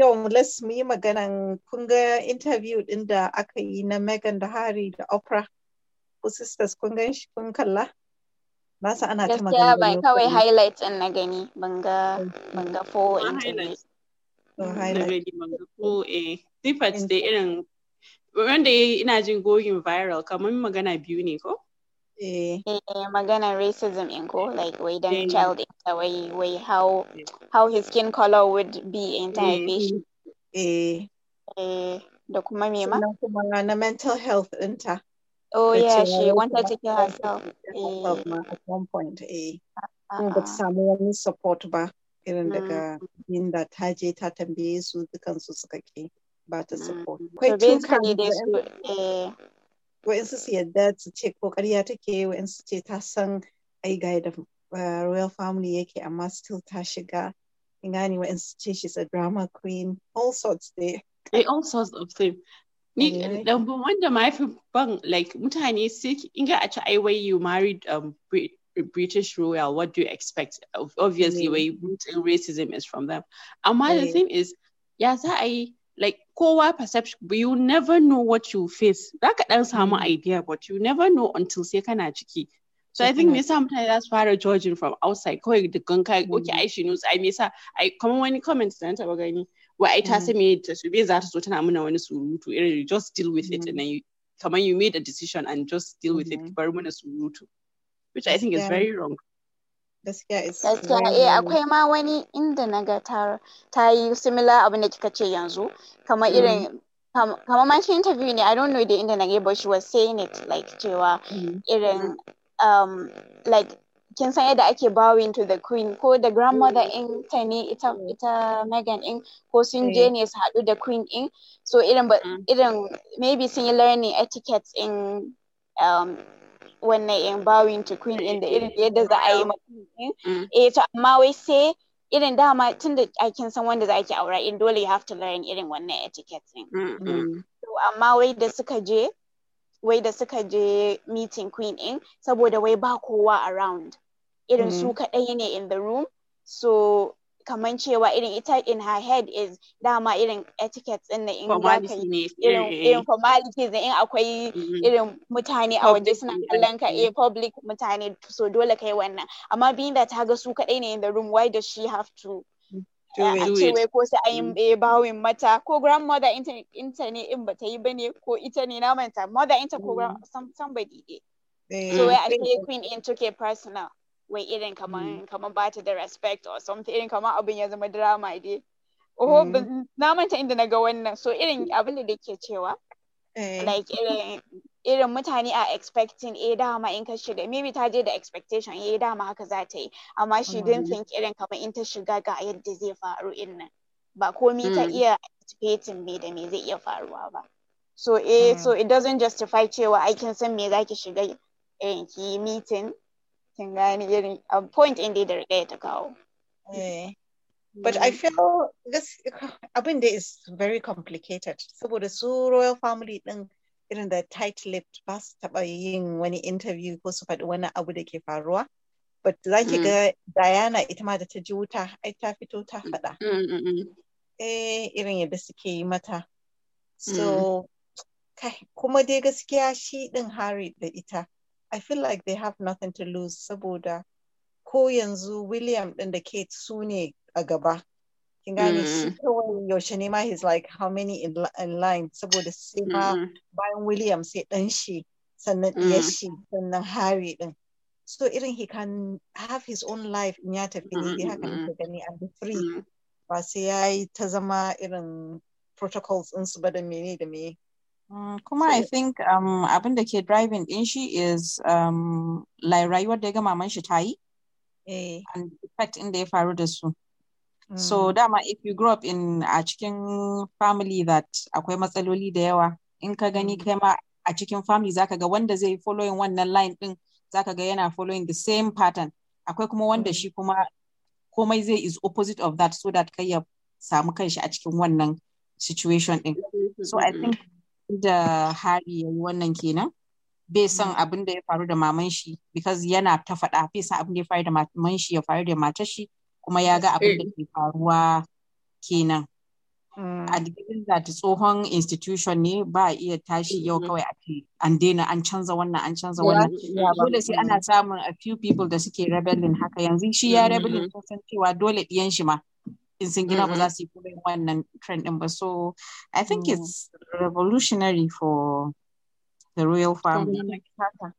yau les mu yi maganan kun ga interview din da aka yi na Megan da Harry da Oprah ku sisters kun gan shi kun kalla na sa ana ta magana gaskiya ba kawai highlight din na gani ban ga mm. ban ga fo interview to highlight ban ga full mm. eh different irin wanda ina jin going viral kamar magana biyu ne ko Eh. Eh, Magana racism in ko like wai dan child in ta way how eh. how his skin color would be in time. eh eh kuma me ma na mental health din oh yeah she wanted to kill herself at one point eh but uh-huh. someone support ba irin mm. daga inda ta je ta tambaye su dukansu suka ke ba ta support. Akwai tun kan wa'insu su yadda su ce ko ƙarya take wa'insu ce ta san ai ga da uh, royal family yake amma still ta shiga in gane wa'insu ce she's a drama queen all sorts dai they eh, all sorts of things ni dan wanda ma ban like mutane sai in ga a ci ai wai you married um British royal what do you expect obviously mm. racism is from them I the thing is yeah, I like kowa perception but you never know what you face za ka dan samu mm. idea but you never know until sai kana ciki so i think me yasa mutane za fara judging from outside kawai da ganka okay mm. ai she knows ai me yasa ai kamar wani comment da na taba gani wai ai ta mm. san me ta su be za ta so tana muna wani surutu irin just deal with it and then you kamar you made a decision and just deal with it mm-hmm. bar muna surutu which i think is very wrong gaskiya is gaskiya eh akwai ma wani inda na ga ta yi similar abin da kika ce yanzu kamar mm. irin kamar ma shi interview ne i don't know the inda na ga but she was saying it like cewa mm. irin um like kin san yadda ake bowing to the queen ko the grandmother mm. in ta ne ita ita Megan in ko sun je ne su haɗu da queen in so irin irin maybe sun yi learning etiquette in um wannan bawin to queen din da irin yadda za a yi ma mm. eh to amma wai sai irin dama tun da kin san wanda za ki aura in dole you have to learn irin wannan etiquette din mm, mm. to amma wai da suka je wai da suka je meeting queen in saboda wai ba kowa around irin su kaɗai ne in the room so kaman cewa irin ita in her head is dama irin etiquette din na in ka yi irin eh, eh. formalities in akwai mm-hmm. irin mutane a waje suna kallon ka eh. eh public mutane so dole kai wannan amma being that ta ga su kadai ne in the room why does she have to a ce wai ko sai an yi mm. bawin mata ko grandmother inta ne in bata yi bane ko ita ne na manta mother inta ko mm. somebody dey so wai a ce mm. queen in took it personal wai irin kaman mm. kaman ba ta da respect or something irin kaman abin ya zama drama dai oh na manta inda na ga wannan so irin abin da ke cewa eh. like irin irin mutane a expecting eh dama in ka shiga maybe ta je da expectation eh dama haka za ta yi amma shi mm. didn't think irin kamar in ta shiga ga yadda zai faru in nan ba komi ta iya anticipating me da me zai iya faruwa ba so eh so it doesn't justify cewa aikin kin san me zaki shiga irin eh, ki meeting Kingani irin a point inda da riga ya But I mm. feel this abin da is very complicated So saboda su royal family din irin tight lipped ba when he interview ko su when wani abu But za ki ga Diana ita ma mm, da ta ji wuta ai ta fito ta faɗa. Eh irin yadda suke yi mata. So mm. kai kuma dai gaskiya shi din Harry da ita. I feel like they have nothing to lose saboda ko yanzu William and the Kate su Agaba. a gaba. Kin yaushe ne ma he's like how many in, in line saboda sai ma bayan William sai ɗan shi sannan mm. shi sannan Harry So irin he can have his own life in ya tafi ne dai haka nake gani and be free. Ba sai ya yi ta zama irin protocols ɗinsu ba da mene da mene. Mm, kuma so, I think um, abin da ke driving din shi is um, like rayuwar da ga maman shi ta yi eh. and effect inda ya faru da su. So mm. dama if you grow up in a cikin family that akwai matsaloli da yawa in ka gani mm. kai ma a cikin family zaka ga wanda zai following wannan line din zaka ga yana following the same pattern akwai kuma wanda shi kuma komai zai is opposite of that so that kai ya samu kanshi a cikin wannan situation din. So I think da hari ya yi wannan kenan bai san mm. abin da ya faru da maman shi because yana ta faɗa bai son abin da ya faru da maman shi ya faru da matar shi kuma ya ga abin da eh. ke faruwa kenan mm. a digirin da ta tsohon institution ne ba a iya tashi yau kawai a ce an daina an canza wannan an canza wannan dole sai ana samun a few people da suke rebelling haka yanzu shi ya rebelling sun san cewa dole ɗiyan shi ma zingine mm-hmm. ba za one yi trend number, so i think mm. it's revolutionary for the royal family mm-hmm.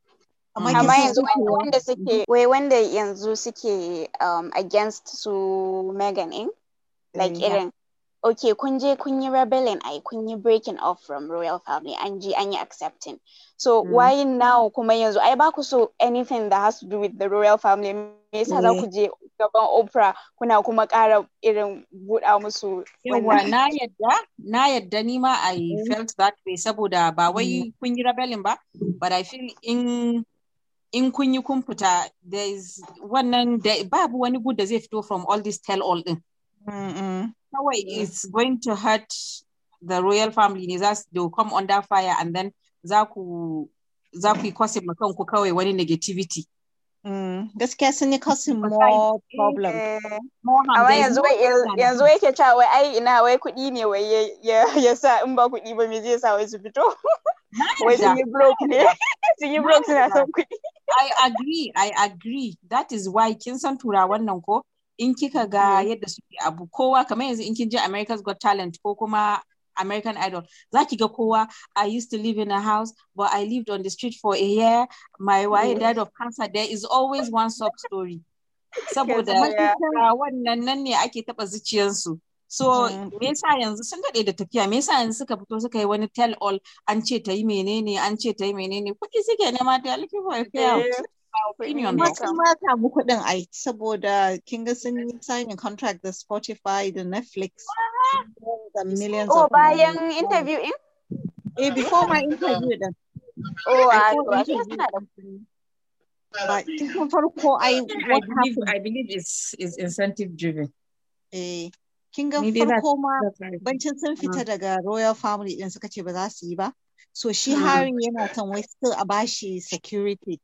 amma yanzu wanda suke wai suke um, against su Megan in like yeah. irin okay kun je kun yi rebellion ai kun yi breaking off from royal family an ji an yi accepting so mm. why now kuma yanzu ai ba ku so anything that has to do with the royal family me yasa za ku je gaban opera kuna kuma ƙara irin buɗa musu yawa na yadda na yadda ni ma I mm-hmm. felt that way saboda ba wai mm-hmm. kun yi rebelling ba but I feel in in kun yi kun fita wannan babu wani good da zai fito from all this tell all din mm-hmm. kawai it's going to hurt the royal family ne za su come under fire and then za ku za ku yi kwasin kanku kawai wani negativity Gaskiya mm. yes, sun more problem. Eh, Amma yanzu wai ke cewa wai ai ina wai kuɗi ne wai ya sa in ba kuɗi ba me zai sa wai su fito. Wai sun yi broke ne. Sun yi broke suna son kuɗi. I agree, I agree. That is why kin san tura wannan ko in kika ga hmm. yadda suke abu kowa kamar yanzu in kin je America's Got Talent ko kuma American Idol. Za ki I used to live in a house, but I lived on the street for a year. My wife died of cancer. There is always one sub story. Saboda wannan nan ne ake taɓa zuciyarsu. So, me yasa yanzu sun daɗe da tafiya, me yasa yanzu suka fito suka yi wani tell all an ce ta yi menene, an ce ta yi menene, kuɗi suke nema ta yi for a Kuma sun ma samu kuɗin ai saboda kin ga sun yi signing contract da Spotify da Netflix the millions oh, of bayan interview in? Eh before my interview then. Oh, I to suna da kuɗi. But farko ai what happened? I believe it's is incentive driven. Eh kin ga farko ma bancin sun fita daga Royal Family din suka ce ba za su yi ba. So she uh-huh. hiring yana son wai still a bashi security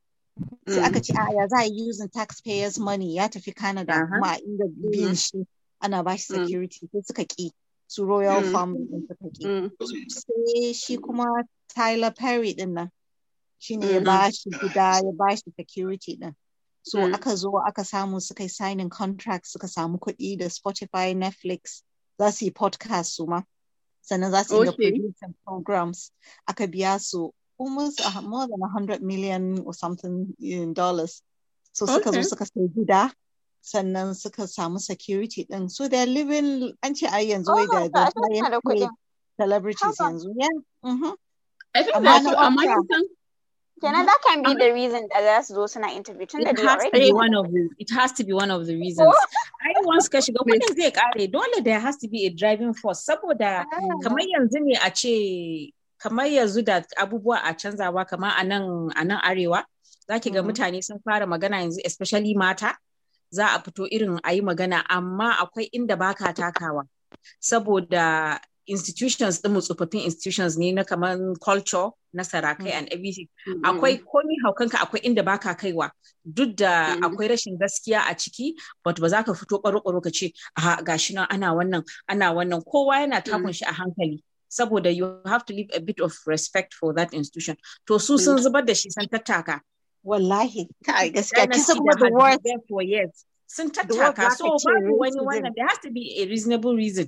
sai aka ce mm. ya za a using taxpayers money ya tafi Canada uh-huh. kuma a inda biyan mm. shi ana ba shi mm. security sai suka ki su royal family din suka ki sai shi kuma Tyler Perry din nan shine ya mm-hmm. ba shi gida ya ba shi security din so aka zo aka samu suka yi signing contract suka samu kuɗi da Spotify Netflix za su yi podcast su ma sannan za su yi da producing programs aka biya su almost uh, more than a 100 million or something in dollars. So suka zo suka sai gida sannan suka samu security din. So they're living an ce ai yanzu wai oh da da celebrities yanzu. Yeah. Mm-hmm. I think that's amma kin Jenna, that can be um, the reason that that's those in our interview. It has to be one of the, it has to be one of the reasons. Oh. I want once kashi ga wani don't dole there has to be a driving force saboda ah. kamar yanzu ne a ce kamar yanzu da abubuwa a canzawa kamar a nan a nan arewa zaki ga mm-hmm. mutane sun fara magana yanzu especially mata za a fito irin a yi magana amma akwai inda baka takawa saboda institutions din tsofaffin institutions ne na kamar culture na sarakai mm-hmm. and everything mm-hmm. akwai komi haukanka akwai inda baka kaiwa duk da akwai rashin gaskiya a ciki but ba za ka fito ɓaro ka ce a gashi nan ana wannan kowa yana takun shi a hankali saboda you have to leave a bit of respect for that institution to su mm. sun zubar da shi sun tattaka wallahi kai gaskiya kisa kuma the word for years sun tattaka so babu wani wannan there has to be a reasonable reason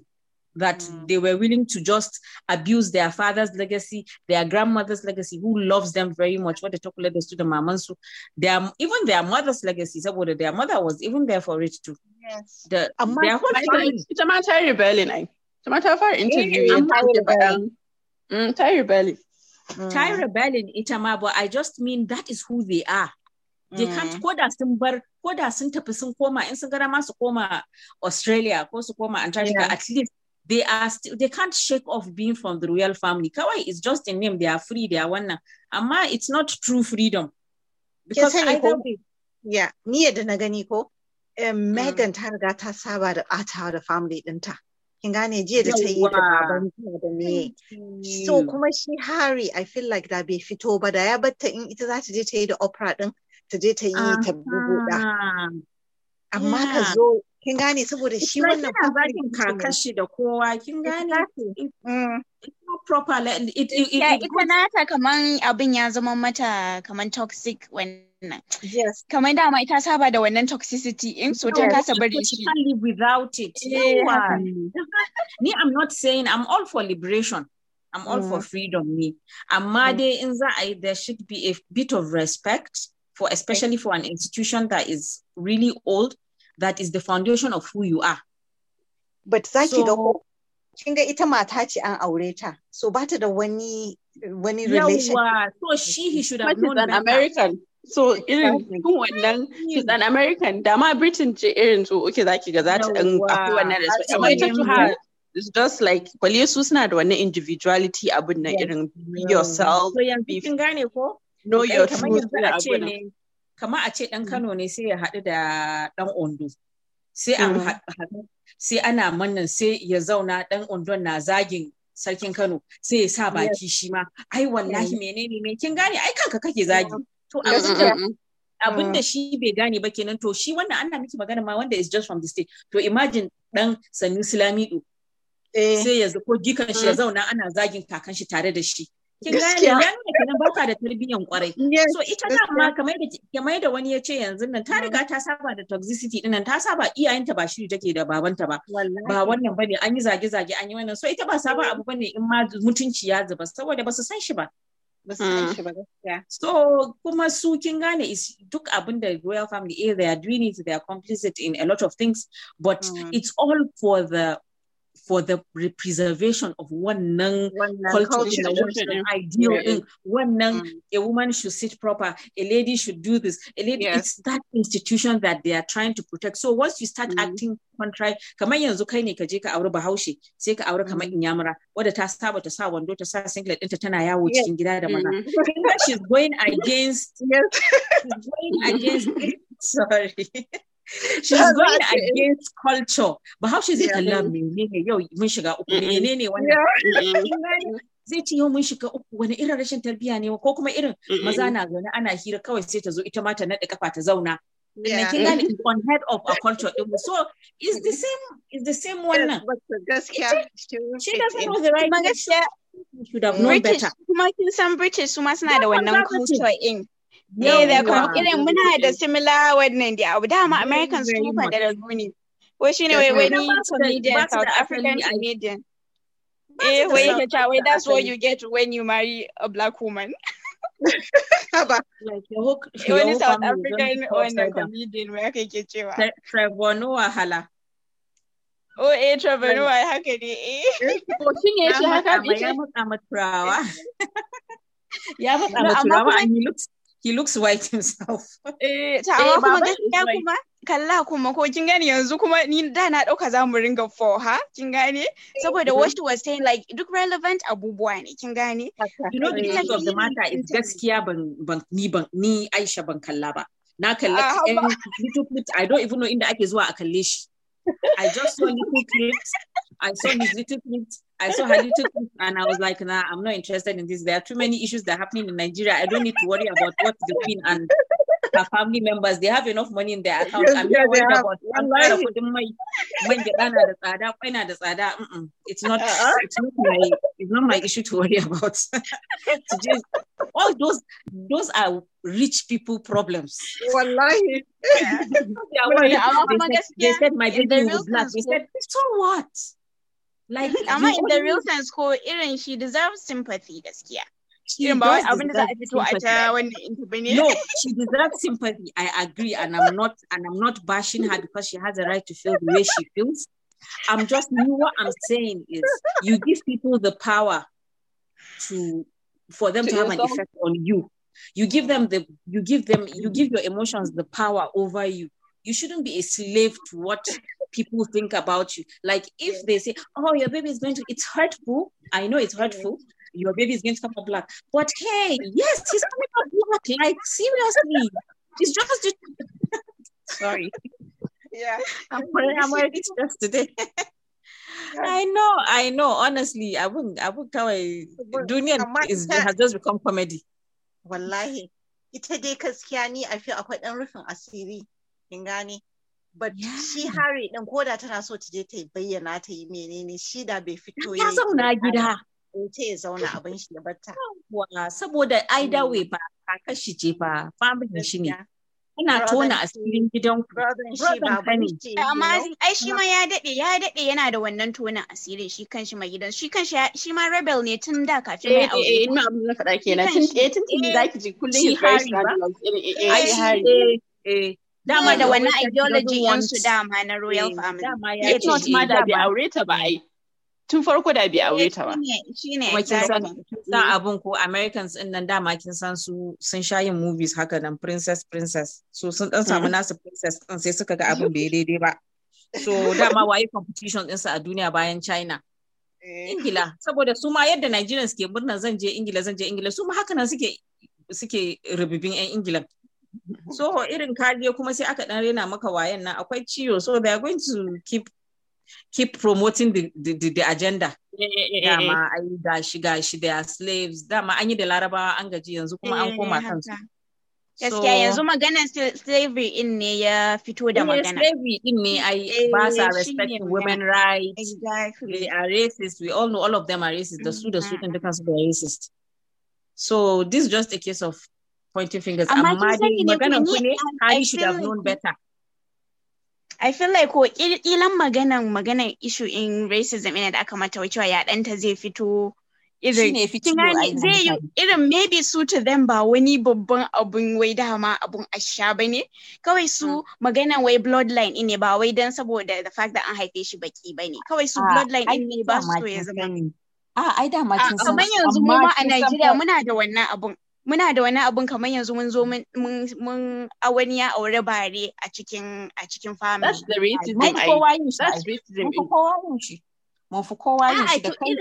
that mm. they were willing to just abuse their father's legacy, their grandmother's legacy, who loves them very much. What the chocolate to the mamansu, their even their mother's legacy. Saboda their mother was even there for it too. Yes. The, Amma, their whole family. It's a man of rebelling. Eh? matter of our interview, Ty Rebellion. Mm, Ty Rebellion. Mm. Ty but I just mean that is who they are. They mm. can't quote us in bar quote us sun tafi sun koma in sun su koma Australia ko su koma Antarctica yeah. at least they are still they can't shake off being from the royal family. Kawai is just a name. They are free. They are one. Amma it's not true freedom because either way. Yeah, ni yadda na gani ko. Eh, mm. Megan ta riga ta saba da ɓatawa da family ɗinta. kin gane jiya da ta yi da baban jiya da me so kuma shi Hari, I feel like da bai fito ba da ya batta in ita za ta je ta yi da opera din ta je ta yi ta buɗa amma ka zo kin gane saboda shi wannan bakin kakashi da kowa kin gane mm. proper it, it, it, yeah, ita nata kaman abin ya zama mata kaman toxic when nan yes kamar I ita have da wannan toxicity in so ta kasa bari can live without it yeah. me. i'm not saying i'm all for liberation i'm all mm. for freedom me amma dai in za there should be a bit of respect for especially for an institution that is really old that is the foundation of who you are but zaki da kin ga ita mata ce an aure ta so ba ta da wani wani relation so she he should have known that american so irin kun wannan she's an American da ma Britain ce irin to okay zaki ga za ta dan akwai wannan respect amma ita to it's just like kwaliye su suna da wannan individuality abin na irin be yourself so yanzu kin gane ko know your truth kamar a ce dan mm. Kano ne sai ya haɗu da dan Ondo sai an mm. sai ana mannan sai ya zauna dan Ondo na zagin sarkin Kano sai ya sa baki shi ma ai wallahi mm. menene me kin gane ai kanka kake zagi to mm, abin mm, mm, da shi bai gane ba kenan to shi wannan ana miki magana ma wanda is just from the state to imagine dan sanin silamido eh. sai ya ko gikan shi ya zauna ana zagin kakan shi tare da shi kin gane ya nuna kenan baka da tarbiyyan kwarai so ita nan ma kamar da kamar da wani ya ce yanzu nan ta riga ta saba da toxicity din nan ta saba iyayenta ba shiri take da babanta ba ba wannan bane an yi zage zage an yi wannan so ita ba sabon abu bane in ma mutunci ya zuba saboda ba su san shi ba Hmm. so kuma su kin gane is duk abin da royal family eh they are doing it they are complicit in a lot of things but mm. it's all for the for the preservation of one wannan culture, wannan ideal yeah. wannan mm. a woman should sit proper, a lady should do this, a lady. Yes. It's that institution that they are trying to protect. So once you start mm. acting contrary, kamar yanzu kai ne ka je ka aure Bahaushe, sai ka aure kamar mm. Inyamura, wadda ta saba ta sa wando ta sa singlet ɗinta tana yawo cikin gida da mm-hmm. maza. She's going against. Yes. she's going against. Sorry. she's yeah, going against culture but how she zai kalla menene yau mun shiga uku menene wannan zai ce yau mun shiga uku wani irin rashin tarbiya ne ko kuma irin maza na zaune ana hira kawai sai ta zo ita ma ta naɗe kafa ta zauna Yeah. Kin on head of a culture. So it's the same, it's the same one. gaskiya she, doesn't know the right. She should have known better. Kuma kin san British su ma suna da wannan culture in. Yeah, da kuma irin muna da similar wannan da abu dama Americans su fa da ne. Wai shine wai wani comedian South African comedian. Eh wai yake cewa wai that's what you get when you marry a black woman. Haba. Wani South African wannan comedian wai haka yake cewa. Trevor Noah Hala. Oh eh Trevor Noah haka ne eh. Ko shine shi haka ya mutsa muturawa. Ya mutsa muturawa and he looks he looks white himself eh, eh amma kuma gaskiya kuma kalla kuma ko kin gane yanzu kuma ni da na dauka za mu ringa for ha kin gane eh, saboda eh. what she was saying like duk relevant abubuwa ne kin gane you know the truth of the matter is gaskiya ban ban ni ban ni Aisha ban kalla ba na kalla ah, little clip I don't even know inda ake zuwa a kalle shi I just saw little clips I saw his little clips I saw her little and I was like, nah, I'm not interested in this. There are too many issues that are happening in Nigeria. I don't need to worry about what the queen and her family members they have enough money in their account. Yes, I'm yeah, worried about I'm trying to when the Ghana the Sada, when the Sada. It's not uh-uh. it's not my it's not my issue to worry about. to just, all those those are rich people problems. Wallahi. they, they, said, they said my baby was black. They said, so what? Like amma in the real sense ko irin she deserves sympathy gaskiya. Irin in No, she deserves sympathy. I agree and I'm not and I'm not bashing her because she has a right to feel the way she feels. I'm just you know what I'm saying is you give people the power to for them to, to have an effect on you. You give them the you give them you give your emotions the power over you you shouldn't be a slave to what people think about you. Like if they say, "Oh, your baby is going to," it's hurtful. I know it's hurtful. Your baby is going to come out black, but hey, yes, he's coming out black. Like seriously, it's just sorry. Yeah, I'm wearing, I'm wearing it just today. I know, I know. Honestly, I wouldn't. I would tell you. Duniya is has just become comedy. Wallahi, ita dai gaskiya ni a fi akwai ɗan rufin asiri. kin gane but shi hari din ko da tana so ta je ta bayyana ta yi menene shi da bai fito ya zauna gida ce ya zauna abin shi ya barta saboda ai hmm. way ba ka kashi je ba family shi ne ana tona asirin gidan ku shi amma ai shi ma ya dade ya dade yana da wannan tona asirin shi kanshi mai gidan shi kanshi shi ma rebel ne tun da kafin mai eh, aure eh ina abin da faɗa kenan tun eh tun tun eh, zaki ji kullun shi hari ba eh eh Dama da wannan ideology yansu dama na royal eh, family. Dama ya ce ma da bai aure ta ba ai. Tun farko da bai aure eh, ta ba. Shine exactly. san abun ko Americans din nan dama kin san su sun sha yin movies haka nan princess princess. So sun dan samu mm-hmm. nasu princess din sai suka ga abun bai daidai ba. So dama waye competition ɗinsa a duniya bayan China. Eh. Ingila saboda su ma yadda Nigerians ke murna zan je Ingila zan je Ingila su ma haka nan suke suke rububin 'yan Ingilan. so irin kariya kuma sai aka dan rena maka wayan nan akwai ciwo so they are going to keep keep promoting the, the, the, the agenda eh, eh, eh, dama ai gashi gashi they are slaves dama an yi da larabawa an gaji yanzu kuma an koma kansu Gaskiya yanzu maganar slavery in ne ya fito da magana. Slavery in ne ai ba sa respecting women rights. Exactly. They are racist. We all know all of them are racist. Da su da su mm-hmm. din dukansu are racist. So this is just a case of pointing fingers. I'm mad. ku ne, Hadi should have known better. I feel like ko ilan maganan maganan issue in racism yana da aka mata cewa ya ɗanta zai fito irin zai yi irin maybe su to them ba wani babban abun wai dama abun asha ba ne kawai su hmm. maganan wai bloodline ne ba wai dan saboda the fact that an haife shi baki ba ne kawai su ah, bloodline ne ba su ya zama ah, a ai da ma kin san amma yanzu mu ma a Najeriya muna da wannan abun muna da wani abun kamar yanzu mun zo mun awaniya a wuri bare a cikin a cikin family. That's the reason mun fi kowa yin shi. reason. Mun fi kowa yin shi. Mun fi kowa yin shi da kai.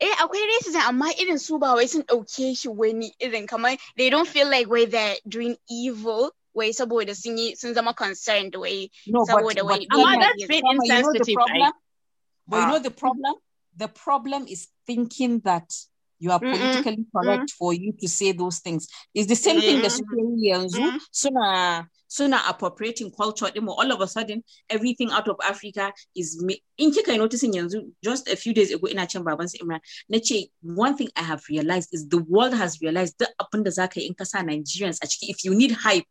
Eh akwai racism amma irin su ba wai sun ɗauke shi wani irin kamar they don't feel like wai they're doing evil wai saboda sun yi sun zama concerned wai saboda wai. Amma that's been insensitive. But you know ah. the problem? The problem is thinking that you are politically Mm-mm. correct mm. for you to say those things. It's the same thing that suke yi yanzu mm. suna suna appropriating culture din all of a sudden everything out of Africa is me- in kika noticing yanzu just a few days ago a chamber, baban Imran one thing I have realized is the world has realized that upon the zaka in kasa Nigerians actually, if you need hype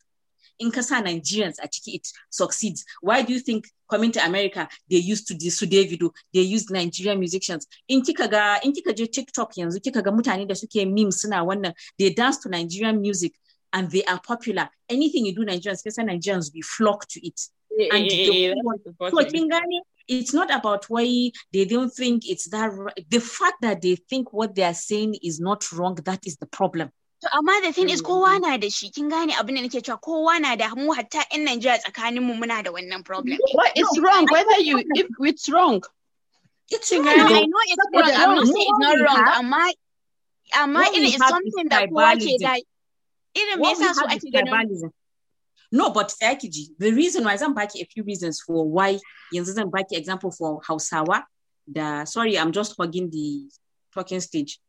in kasa Nigerians a it succeeds why do you think coming to America they used to this su Davido they used Nigerian musicians in kika in kika je TikTok yanzu kika mutane da suke meme suna wannan they dance to Nigerian music and they are popular anything you do Nigerians kasa Nigerians we flock to it eh, eh, and yeah, yeah, yeah, so kin gane it's not about why they don't think it's that the fact that they think what they are saying is not wrong that is the problem to amma The thing is kowa mm. na da shi kin gane abin da nake cewa kowa na da mu hatta yan Najeriya tsakanin mu muna da wannan problem. What is wrong whether you if it's wrong. It's wrong. I know it's wrong. I'm not saying it's not wrong amma amma I? It is something that kowa ke da irin me yasa so ake ganin No, but Sakiji, the reason why I'm back. a few reasons for why You zan baki example for Hausawa The sorry I'm just hugging the talking stage.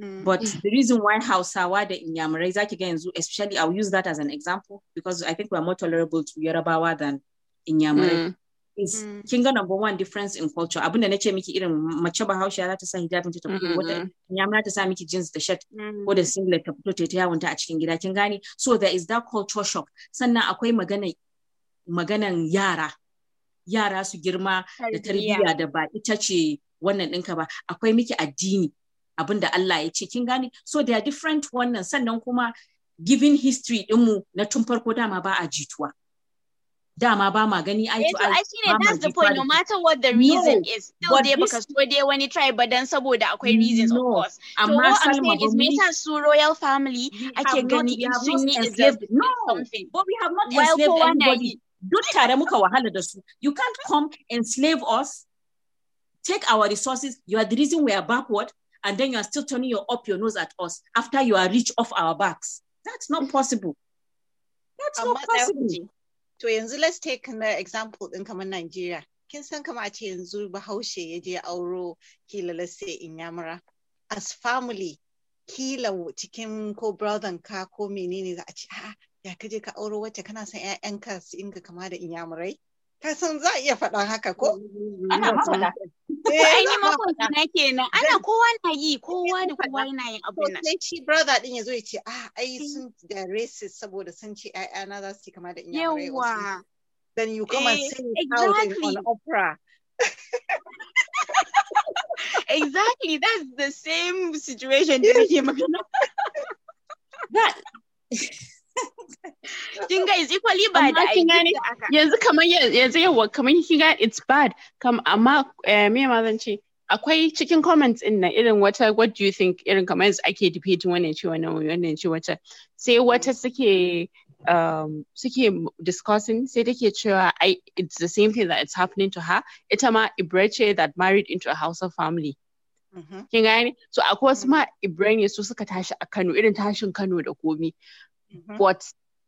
Mm. But the reason why Hausawa da Inyamurai is ga again, especially I'll use that as an example because I think we're more tolerable to Yorubawa than in Mm. Is mm. kinga number one difference in culture. Abin da nace miki irin machaba Bahaushe za ta sa hijabin ta fito wata mm-hmm. Inyamura ta sa miki jeans da shirt ko mm. da singlet ta fito ta yawon ta So there is that culture shock. Sannan akwai magana maganan yara. Yara su girma da tarbiyya da ba ita ce wannan ɗinka ba. Akwai miki addini abin Allah ya ce kin gane so there are different wannan sannan kuma giving history dinmu na tun farko dama ba a jituwa dama ba ma gani ai eh, to ai shine that's the point no matter what the reason no, is still there dai baka so dai wani tribe ba dan saboda akwai reasons no, of course amma so what I'm saying is me yasa su royal family ake gani in sun yi enslaved no something but we have not well, enslaved anybody duk tare muka wahala da su you can't come enslave us take our resources you are the reason we are backward and then you are still turning your up your nose at us after you are rich off our backs. That's not possible. That's Amma not possible. To yanzu let's take an uh, example in common Nigeria. Kin san kamar a ce yanzu Bahaushe ya je auro kila let's say Inyamura as family kila cikin ko brother ka ko menene za a ce a ah, ya kaje ka auro wacce kana son ƴaƴanka su inga kama da Inyamurai. Ka san za a iya faɗan haka ko? Ana faɗa ainihin makwabci na kenan ana kowa na yi kowa da kowa yana yin abu na shi brother din yazo ya ce ah ai sun da racist saboda sun ce ƴaƴana za su yi kama da inyamurai yawa then you come and eh, sing exactly. out on opera exactly that's the same situation that kin ga yanzu kwali ba da aiki yanzu kamar yanzu yawa kamar kin ga it's bad Come, amma eh, me ma zan ce akwai cikin comments din nan irin wata what do you think irin kamar yanzu ake debating wannan ce wannan wannan ce wata sai wata suke um, suke discussing sai take cewa I, it's the same thing that it's happening to her ita ma Ibreche that married into a house Hausa family mm-hmm. kin gane so akwai wasu mm-hmm. ma Ibrahim su suka tashi a Kano irin tashin Kano da komi Mm-hmm. but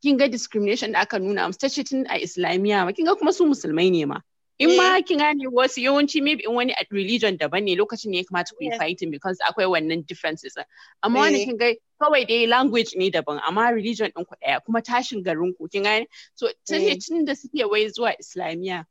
kin ga discrimination da aka nuna musu tace tun a islamiyya ma kin ga kuma su musulmai ne ma in ma eh. kin gane wasu yawanci maybe in wani religion daban ne lokacin ne ya kamata ku yi fighting because akwai wannan differences amma wani eh. kin ga kawai dai language ne daban amma religion din ku daya kuma tashin garin ku kin gane so tace eh. tun da suke wai zuwa islamiyya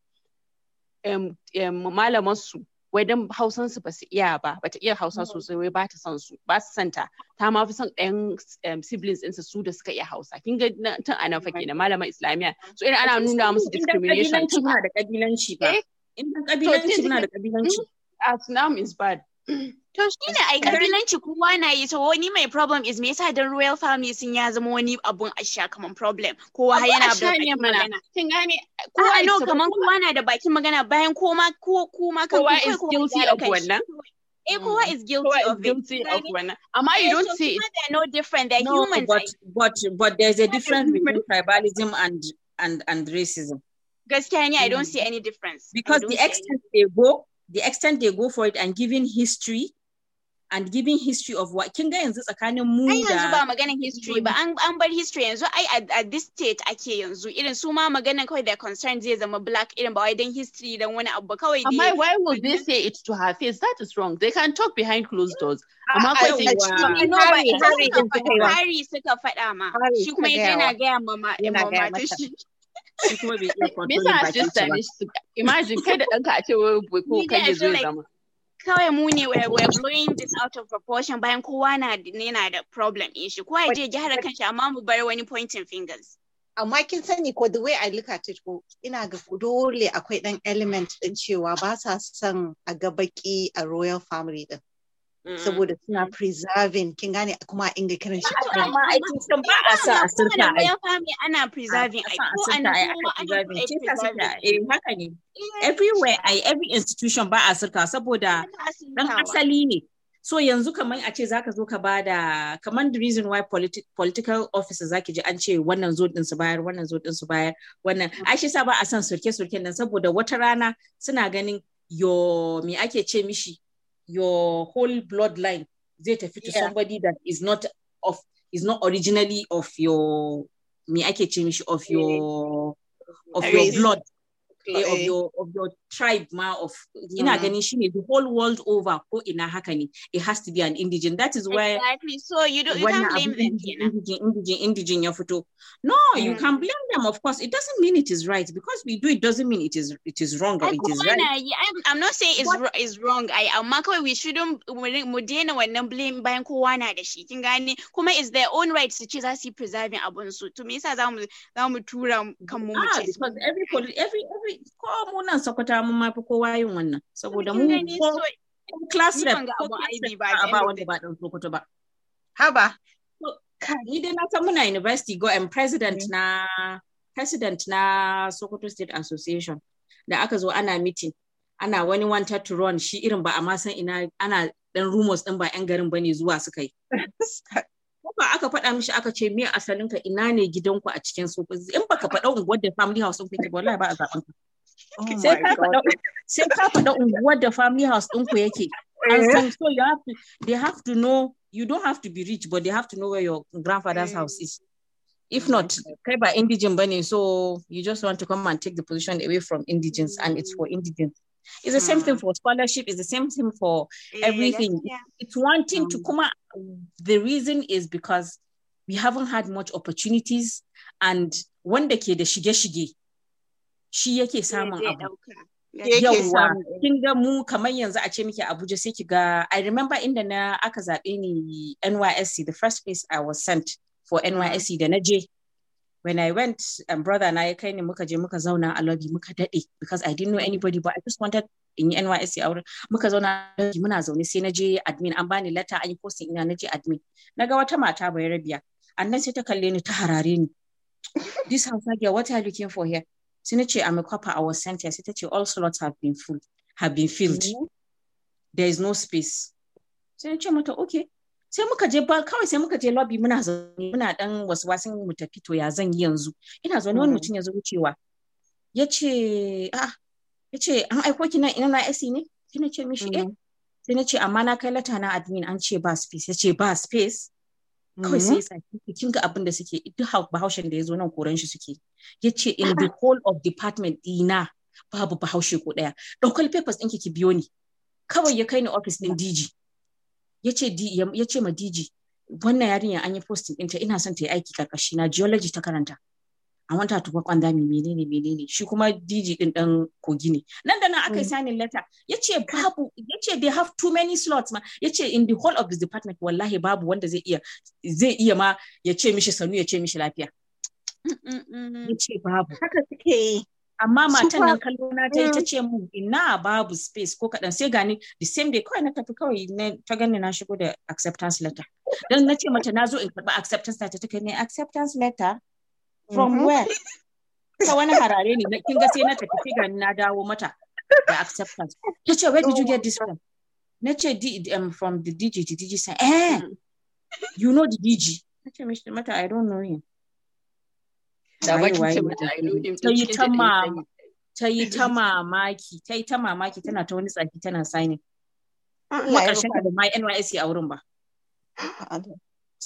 malaman su wai dan hausan su basu iya ba bata iya hausa mm. sosai wai bata son su ba su santa ta ma fi son ɗayan um, siblings ɗinsa su da suka iya hausa kin ga tun ana fake na malama islamiya so irin ana nuna musu discrimination tun da kabilanci ba eh? in da kabilanci muna mm. da kabilanci as is bad To shi ne ai kabilanci kowa na yi to wani mai problem is me yasa dan royal family sun ya zama wani abun asha kaman problem kowa har yana bakin magana. Kin gane ko a no kaman kowa na da bakin magana bayan koma ko kuma kan kowa is guilty of wannan. Eh kowa mm. is guilty of guilty it. of wannan. Amma you eh, don't see it. They're no different. They're no, humans. But but but there's a difference between tribalism and and and racism. Gaskiya ni I don't mm. see any difference. Because the extent they go the extent they go for it and giving history and giving history of what kin ga yanzu tsakanin mu da yanzu ba maganin history ba an an bar history yanzu ai at this state ake yanzu irin su ma maganan kawai da concern zai zama black irin ba wai dan history dan wani abu ba kawai dai amma why would they say it to her face that is wrong they can talk behind closed doors ah, amma ah, ko ah, sai no ba ita hari suka faɗa ma shi kuma yana ga ya mama mama shi shi kuma bai iya controlling bakin shi ba imagine kai da ɗanka ce wai ko kai zai zama kawai mu ne we're blowing this out of proportion bayan kowa na yana da problem in shi kowa je gyara kanshi amma mu bar wani pointing fingers amma kin sani ko the way I look at it ko ina ga dole akwai dan element din cewa ba sa son a ga baki a royal family din Mm. saboda suna preserving kin gane kuma inga kiran shi amma ai san ba a sa a sirka ai ana preserving ai ko ana preserving kin ta eh haka ne eh, everywhere ai every institution ba a sirka saboda dan asali ne so yanzu kamar a ce zaka zo ka bada kamar the reason why politi political officers zaki ji an ce wannan zo din su bayar wannan zo din su bayar wannan mm. ai shi sa ba a san surke surken nan saboda wata rana suna ganin yo me ake ce mishi your whole bloodline zai tafi to somebody that is not of is not originally of your me ake of your of your blood eh, of your of your tribe ma of ina ganin shine the whole world over ko ina haka ne it has to be an indigen that is why exactly so you don't you can't blame them indigen indigen indigen ya fito no mm. you can blame them of course it doesn't mean it is right because we do it doesn't mean it is it is wrong or it is right I'm, I'm not saying it's what? is wrong I amma we shouldn't mu daina wannan blame bayan kowa na da shi kuma is their own right to choose as he preserving abun to me yasa za mu za mu tura kanmu mu ah, ce because every every every ko mu nan sakwata mun mafi kowa yin wannan saboda mu ko class rep ko ba wanda ba dan sokoto ba haba ni dai na san muna university go and president mm. na president na Sokoto State Association da aka zo ana meeting ana wani wanted to run shi irin ba a san ina ana dan rumors din ba yan garin bane zuwa suka yi ba aka faɗa mishi aka ce me ina ne gidanku a cikin su in baka faɗa unguwar da family house wallahi ba a ka oh sai ka faɗa unguwar da family house ɗinku yake and eh. so, so you have to, they have to know you don't have to be rich but they have to know where your grandfather's eh. house is oh if not kai ba indigent bane so you just want to come and take the position away from indigents and it's for indigents it's the same thing mm. for scholarship. It's the same thing for everything. Yeah, yeah. It's one thing to mm. come out. The reason is because we haven't had much opportunities and when they came, the shige-shige shi yake samun abu. Yawwa, kin ga mu kamar yanzu a ce muke Abuja sai ki ga I remember inda na aka zaɓe ni NYSC the first place I was sent for NYSC da na je when I went, um, brother and I kind of muka je muka zauna a lobby muka dade because I didn't know anybody, but I just wanted in NYSC aure muka zauna lobby muna zaune sai na je admin an bani letter an yi posting ina na admin naga wata mata bai rabiya annan sai ta kalle ni ta harare ni this house girl what are you looking for here sai na I'm a copper I was sent here sai ta all slots have been full have been filled mm -hmm. there is no space sai na mata okay sai muka je ba kawai sai muka je lobby muna zaune muna dan wasu wasu mu tafi to ya zan yi yanzu ina zaune wani mm. mutum ya zo wucewa ya ce a ya ce an aiko ki nan ina na AC e ne sai na ce mishi eh mm. sai na ce amma na kai lata na admin an ce ba space ya ce ba space kawai sai ya tsaki mm. kin ga abin da suke duk bahaushen da ya zo nan koran shi suke ya ce in the whole of department dina babu bahaushe ko daya daukar papers ɗinki ki biyo ni kawai ya kai ni office din DG ya ce ma DG wannan yarinyar an yi posting ɗinta ina son ta yi aiki karkashi na geology ta karanta a wanta to work on ne menene menene shi kuma DJ ɗin ɗan kogi ne nan da nan aka yi mm. signing letter ce babu ya ce they have too many slots ma ya ce in the whole of the department wallahi babu wanda zai iya zai iya ma yace mishi sanu yace mishi lafiya mm, mm, yace babu haka suke amma matan nan kallo na ta mm. ce mu ina babu space ko kaɗan sai gani the same day kawai na tafi kawai na ta gani na shigo da acceptance letter dan na ce mata na zo in karɓi acceptance letter ta kai ne acceptance letter from mm-hmm. where ta wani harare ne kin ga sai na tafi sai gani na dawo mata da acceptance ta ce where did you oh get this from na ce um, from the DG the DG sai eh you know the DG na ce mata I don't know him da bakin ce mata ta yi ta ta yi ta mamaki ta yi ta mamaki tana ta wani tsaki tana signing ah, kuma karshen da ma NYSC a wurin ba ah,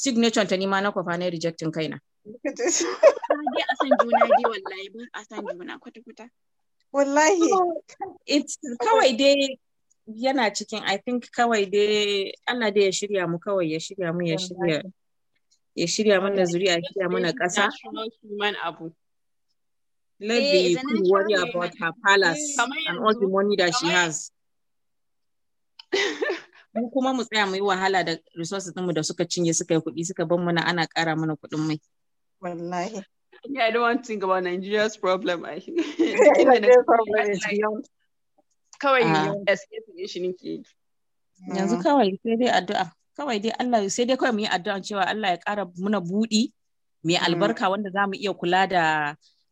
signature ta nima na kwafa na rejectin kaina dai a san juna dai wallahi ba a san juna kwata kwata wallahi it's kawai dai yana cikin i think kawai dai Allah dai ya shirya mu kawai ya shirya mu ya shirya ya shirya mana zuri'a ya shirya mana ƙasa let the eh, people worry about her palace eh, and all the money that she has mu kuma mu tsaya mai wahala da resources ɗinmu da suka cinye suka yi kuɗi suka ban mana ana ƙara mana kuɗin mai wallahi I don't want to think about Nigeria's problem. I think the problem is beyond. Kawai ah. ne Yanzu kawai sai dai addu'a. kawai dai Allah sai dai kawai mu yi addu'a cewa Allah ya ƙara muna buɗi mai mm. albarka wanda za mu iya kula da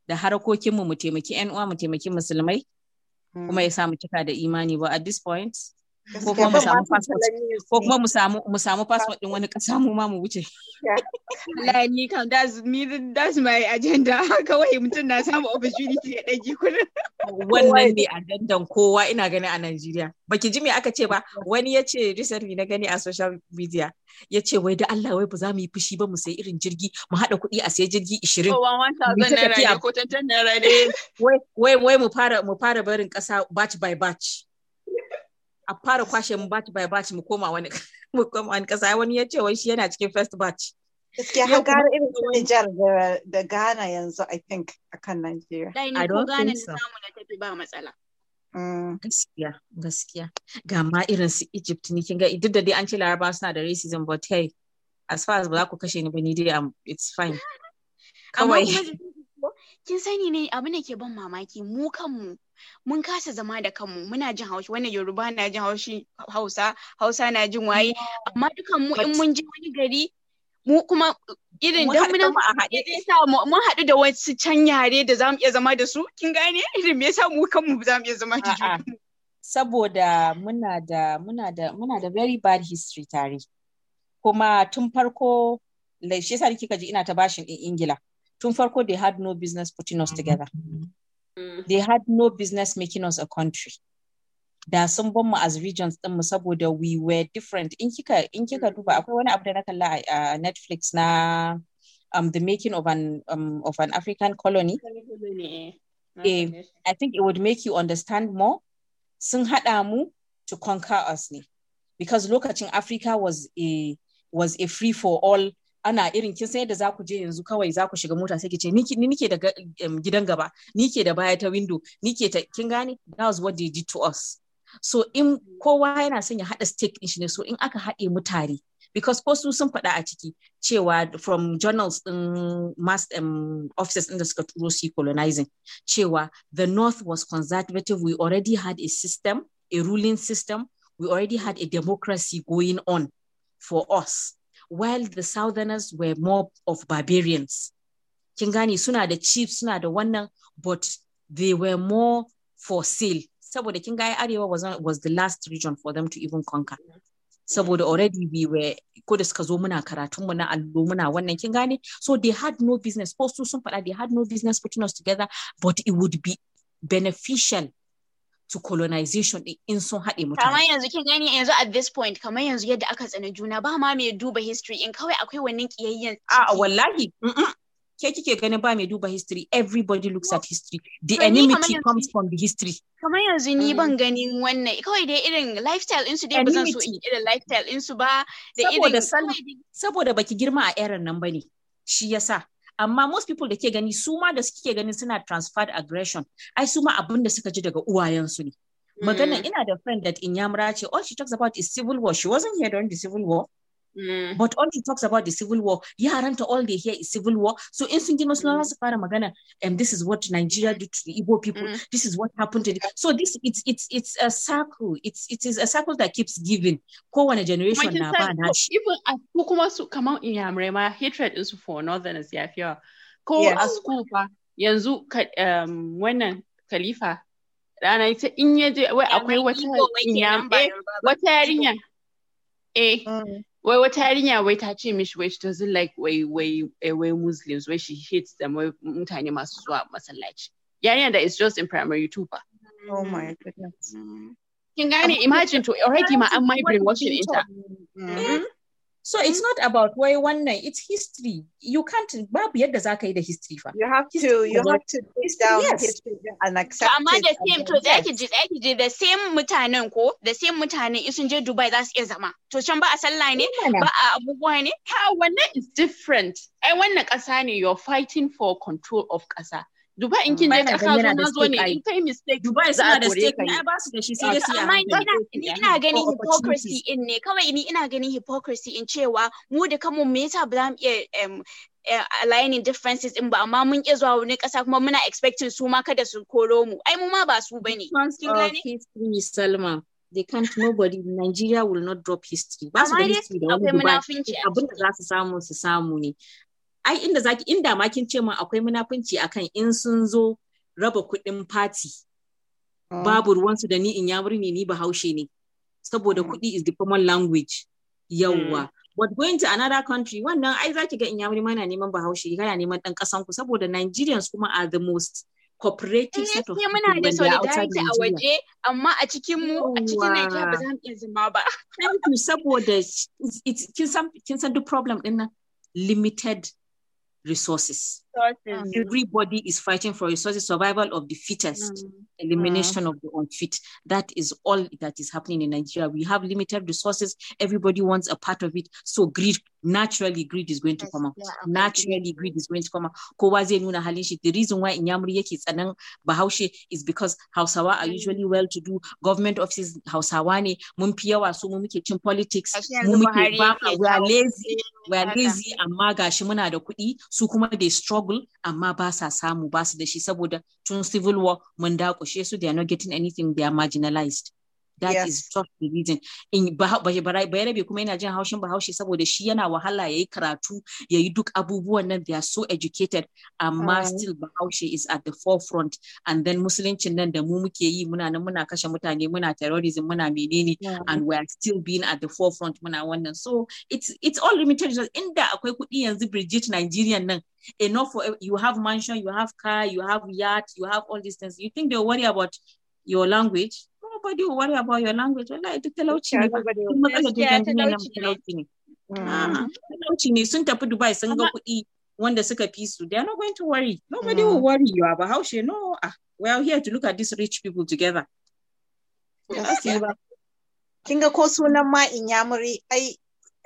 da harkokin mu taimaki 'yan uwa mu taimaki musulmai mm. kuma ya sa mu cika da imani ba at this point ko kuma mu samu passport ko kuma mu samu mu samu passport din wani kasa mu ma mu wuce wallahi ni kam that's me that's my agenda kawai mutum na samu opportunity ya dage kullum wannan ne agendan kowa ina gani a Najeriya baki ji me aka ce ba wani ya ce recently na gani a social media ya ce wai da Allah wai ba za mu yi fushi ba mu sayi irin jirgi mu haɗa kuɗi a sayi jirgi 20 wai wai mu fara mu fara barin ƙasa batch by batch a fara kwashe mu batch by batch mu koma wani mu koma wani kasa wani ya ce wai shi yana cikin first batch gaskiya har gara irin su Nijar da Ghana yanzu I think akan Najeriya I don't ko Ghana ne samu na tafi ba matsala mm. gaskiya gaskiya ga ma irin su Egypt ni kin ga duk da dai an ce Laraba suna da racism but hey as far as ba za ku kashe ni ba ni dai um, it's fine kawai kin sani ne abin da ke ban mamaki mu kanmu mun kasa zama da kanmu muna jin haushi wannan yoruba na jin haushi hausa hausa na jin waye amma dukan mu in mun ji wani gari mu kuma irin dan muna mun haɗu da wasu can yare da zamu iya zama da su kin gane irin me yasa mu kanmu zamu iya zama da junanmu saboda muna da muna da muna da very bad history tare kuma tun farko shi yasa kika ji ina ta bashin in Ingila tun farko they had no business putting us mm-hmm. together Mm. They had no business making us a country. Da sun ban mu as regions mu saboda we were different. In kika in kika duba mm. akwai wani abu da na kalla a Netflix na um, the making of an um, of an African colony. Eh, eh I think it would make you understand more. Sun mu to conquer us ne. Because lokacin Africa was a was a free for all ana irin kin san yadda za ku je yanzu kawai za ku shiga mota sai ki ce ni nike da gidan gaba ni ke da baya ta window ni ke ta kin gane that was what they did to us so in kowa yana son ya haɗa stake din shi ne so in aka haɗe mu tare because ko su sun faɗa a ciki cewa from journals din mass um, offices din da suka turo su colonizing cewa the north was conservative we already had a system a ruling system we already had a democracy going on for us while the southerners were more of barbarians. Kin gane suna the chiefs, suna the one, but they were more for sale. So, kin ga area was, was the last region for them to even conquer. Saboda already we were ko da suka zo one. karatun so they had no business post some faɗa they had no business putting us together but it would be beneficial to colonization din in sun haɗe mutane. Kamar yanzu kin gani yanzu at this point kamar yanzu yadda aka tsani juna ba ma mai duba history in kawai akwai wannan kiyayyen. A wallahi ke kike ganin ba mai duba history everybody looks at history the enmity comes from the history. Kamar yanzu ni mm. ban ganin wannan kawai dai irin lifestyle insu dai ba zan so in irin lifestyle insu ba da irin. Saboda baki girma a eran nan bane shi yasa amma most people da ke gani su ma da suke gani suna transferred aggression ai su ma abin da suka ji daga uwayensu ne magana hmm. ina da friend that in yamra ce all oh, she talks about is civil war she wasn't here during the civil war Mm. But all he talks about the civil war. aren't all they hear is civil war. So mm. Magana, um, this is what Nigeria did to the Igbo people. Mm. This is what happened to the so this it's it's it's a circle. It's it is a circle that keeps giving. Kowane generation na ba na Even as kuma su in Yamrema, hatred is for northerners ya fiya. Ko a school ba yanzu um, wannan Khalifa rana ita in yaje wai akwai wata yarinya eh mm. Well, we're telling we wait touching where she doesn't like way way way Muslims where she hits them where mutani maswa Yeah, yeah, is just in primary two Oh my goodness. Kingani, mm-hmm. imagine to already my my watching it. Mm-hmm. So it's not about why one night, it's history. You can't babu yadda zaka ka yi da history fa. You have history to you have to take down yes. history and accept so, amma da same to za ki ji za ki ji the same mutanen ko the same mutanen in sun je Dubai za su iya zama. To can ba a sallah ne ba a abubuwa ne. Ha wannan is different. Ai wannan ƙasa ne you're fighting for control of ƙasa. Dubai, in mm. kin je ka zo na zo ne in kai mistake. Dubai suna da stake na ba su da shi sai su amma ni ina ganin hypocrisy in ne kawai ni ina ganin hypocrisy in cewa mu da kanmu me yasa ba za mu iya eh, aligning differences in ba amma mun iya zuwa wani ƙasa kuma muna expecting su ma kada su koro mu ai mu ma ba su bane. Oh, Salma. they can't nobody Nigeria will not drop history ba su da history da wani Dubai abin da za su samu su samu ne ai inda zaki inda ma kin ce min akwai munafunci akan in sun zo raba kuɗin fati ah. babu ruwansu da ni in ya murni ni bahaushe ne saboda mm. kuɗi is the common language yawwa mm. but going to another country wannan ai zaki ga in ya mana neman bahaushe kana neman dan kasan ku saboda Nigerians kuma are the most cooperative eh, set of people muna da solidarity a waje amma a cikin mu a cikin Nigeria ba za mu iya zama ba thank you saboda kin san kin san duk problem din nan limited resources resources. Everybody is fighting for resources, survival of the fittest, mm. elimination of the unfit. That is all that is happening in Nigeria. We have limited resources. Everybody wants a part of it. So greed, naturally, greed is going to yes, come out. Yeah, okay. Naturally, greed is going to come out. Kowa The reason why Inyamuri is tsanan Bahaushe is because Hausawa are mm. usually well-to-do. Government offices Hausawani mumpiawa so mu politics. we are lazy. We are lazy and maga muna da kuɗi su they struggle struggle amma ba sa samu ba su da shi saboda tun civil war mun dakushe su they are not getting anything they are marginalized that yes. is just the reason in bayarabe kuma yana jin haushin bahaushe saboda shi yana wahala yayi karatu yayi duk abubuwan nan they are so educated amma um, still bahaushe is at the forefront and then musuluncin nan da mu muke yi muna nan muna kashe mutane muna terrorism muna menene and we are still being at the forefront muna wannan so it's it's all limited inda akwai kuɗi yanzu Bridget Nigerian nan enough for you have mansion you have car you have yacht you have all these things you think they worry about your language nobody will worry about your language. Wallahi duk talauci ne ba. Dubai wanda suka fi They are not going to worry. Nobody mm. will worry you about how she no. Ah, we are here to look at these rich people together. Kin ga ko sunan ma Inyamuri ai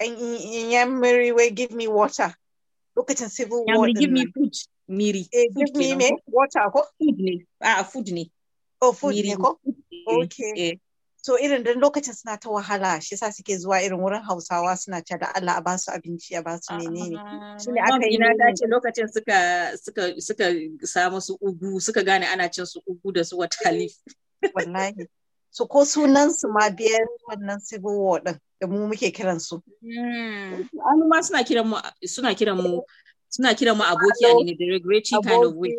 Inyamuri wai give me water. Lokacin civil war. give me food. Miri. Eh, give me water ko? Food Ah, food Oh, food ne ko? Okay. Eh. So irin dan lokacin suna ta wahala shi sa suke zuwa irin wurin Hausawa suna ce da Allah a basu abinci a basu menene. Shi ne aka yi na dace lokacin suka suka suka samu su ugu suka gane ana cin su ugu da su watali. Wallahi. So ko sunan su ma biyar wannan civil war din da mu muke kiran su. Hmm. Anu ma suna kiran mu suna kiran mu suna kiran mu abokiya ne derogatory kind of way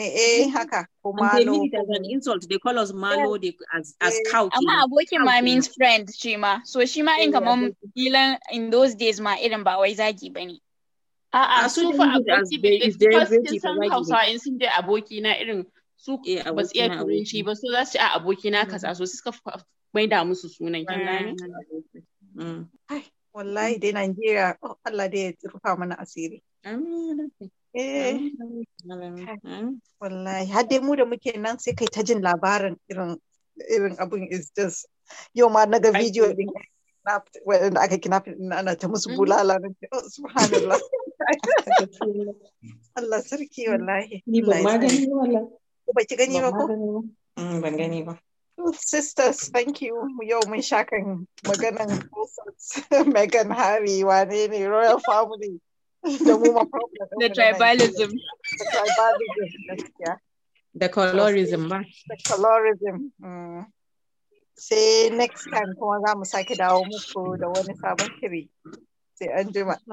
eh haka malo they mean it as an insult they call us malo they, as as eh, cow amma abokin ma means friend shi ma so shi ma eh, in kaman bilan in those days ma irin ba wai zagi bane a'a ah, su fa aboki because kin san Hausawa in sun je aboki na irin su eh, ba su iya turanci ba so za a aboki na mm. kasa so suka maida musu sunan kin gane mm. wallahi dai Najeriya oh, Allah dai ya rufa mana asiri Eh. Wallahi, har dai mu da muke nan sai kai ta jin labarin irin irin abun is just yau ma na ga bidiyo din waɗanda aka kinafin ana ta musu mm-hmm. bulala na oh, subhanallah. Allah sarki mm. wallahi. Ni ba ma gani wallahi. Ba ki gani ba ko? Mm, ban gani ba. Oh, sisters, thank you. Yau mun sha kan maganan Megan Harry wane ne Royal Family. the woman problem. the tribalism. The tribalism. Yeah. The colorism. The colorism. Mm. next time kuma za mu sake dawo muku da wani sabon shiri. Sai an jima.